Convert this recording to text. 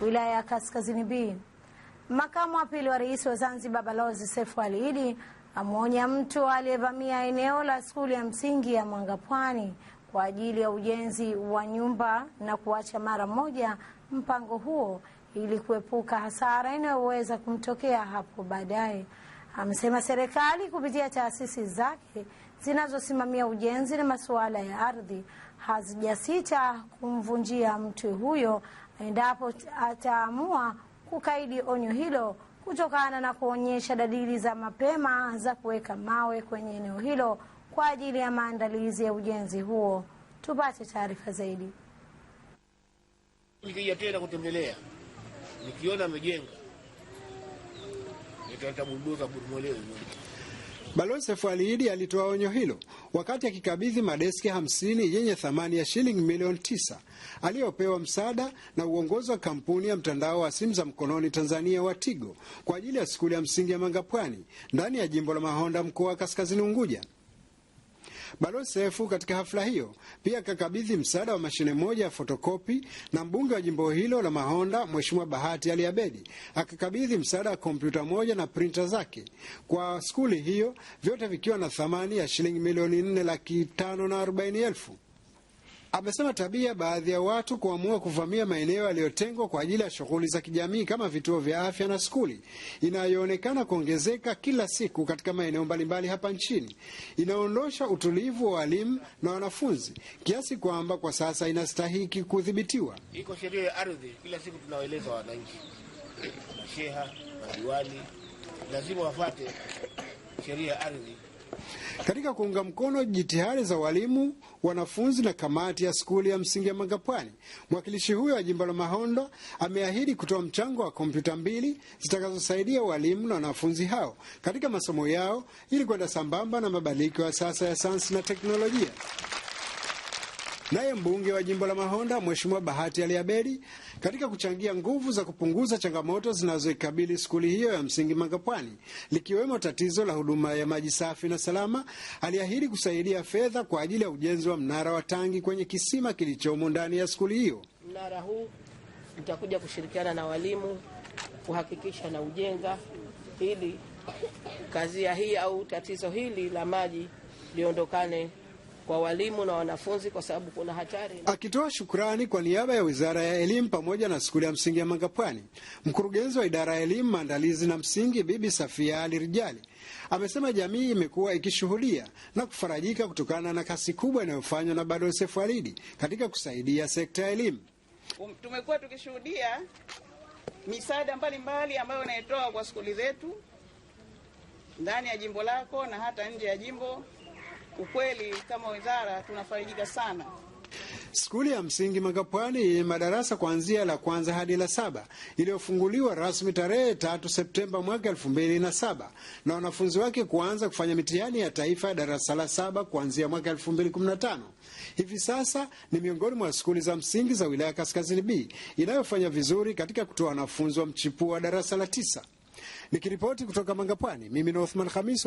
wilaya ya Kaskazini B. Makamu wa pili wa rais wa Zanzibar Balozi sefu aliidi amwonya mtu aliyevamia eneo la skuli ya msingi ya Mwanga Pwani kwa ajili ya ujenzi wa nyumba na kuacha mara moja mpango huo ili kuepuka hasara inayoweza kumtokea hapo baadaye. Amesema serikali kupitia taasisi zake zinazosimamia ujenzi na masuala ya ardhi hazijasita kumvunjia mtu huyo endapo ataamua kukaidi onyo hilo kutokana na kuonyesha dalili za mapema za kuweka mawe kwenye eneo hilo kwa ajili ya maandalizi ya ujenzi huo. Tupate taarifa zaidi. Nikija tena kutembelea, nikiona amejenga Balozi Sefualihidi alitoa onyo hilo wakati akikabidhi madeski hamsini yenye thamani ya shilingi milioni tisa aliyopewa msaada na uongozi wa kampuni ya mtandao wa simu za mkononi Tanzania wa Tigo kwa ajili ya skuli ya msingi ya Mangapwani ndani ya jimbo la Mahonda mkoa wa Kaskazini Unguja. Balozi Sefu katika hafla hiyo pia akakabidhi msaada wa mashine moja ya fotokopi, na mbunge wa jimbo hilo la Mahonda Mheshimiwa Bahati Ali Abedi akakabidhi msaada wa kompyuta moja na printa zake kwa skuli hiyo, vyote vikiwa na thamani ya shilingi milioni nne laki tano na arobaini elfu. Amesema tabia baadhi ya watu kuamua kuvamia maeneo yaliyotengwa kwa ajili ya shughuli za kijamii kama vituo vya afya na skuli inayoonekana kuongezeka kila siku katika maeneo mbalimbali hapa nchini inaondosha utulivu wa walimu na wanafunzi kiasi kwamba kwa sasa inastahiki kudhibitiwa. Iko sheria ya ardhi, kila siku tunawaeleza wananchi, masheha, madiwani lazima wafate sheria ya ardhi. Katika kuunga mkono jitihada za walimu wanafunzi na kamati ya skuli ya msingi ya Mangapwani. Mwakilishi huyo wa jimbo la Mahondo ameahidi kutoa mchango wa kompyuta mbili zitakazosaidia walimu na wanafunzi hao katika masomo yao ili kwenda sambamba na mabadiliko ya sasa ya sayansi na teknolojia. Naye mbunge wa jimbo la Mahonda Mheshimiwa Bahati Ali katika kuchangia nguvu za kupunguza changamoto zinazoikabili skuli hiyo ya msingi Mangapwani, likiwemo tatizo la huduma ya maji safi na salama, aliahidi kusaidia fedha kwa ajili ya ujenzi wa mnara wa tangi kwenye kisima kilichomo ndani ya skuli hiyo. Mnara huu utakuja kushirikiana na walimu kuhakikisha na ujenga ili kazia hii au tatizo hili la maji liondokane kwa walimu na wanafunzi, kwa sababu kuna hatari. Akitoa shukrani kwa niaba ya Wizara ya Elimu pamoja na Skuli ya Msingi ya Mangapwani, mkurugenzi wa idara ya elimu maandalizi na msingi Bibi Safia Ali Rijali amesema jamii imekuwa ikishuhudia na kufarajika kutokana na kasi kubwa inayofanywa na bado sefu alidi katika kusaidia sekta ya elimu. Um, tumekuwa tukishuhudia misaada mbalimbali ambayo inaitoa kwa skuli zetu ndani ya jimbo lako na hata nje ya jimbo Ukweli kama wizara tunafarijika sana. Skuli ya msingi Makapwani yenye madarasa kuanzia la kwanza hadi la saba iliyofunguliwa rasmi tarehe tatu Septemba mwaka elfu mbili na saba na wanafunzi wake kuanza kufanya mitihani ya taifa ya darasa la saba kuanzia mwaka elfu mbili kumi na tano hivi sasa ni miongoni mwa skuli za msingi za wilaya Kaskazini B inayofanya vizuri katika kutoa wanafunzi wa mchipua wa darasa la tisa. Nikiripoti kutoka Mangapwani, mimi ni Othman Khamis.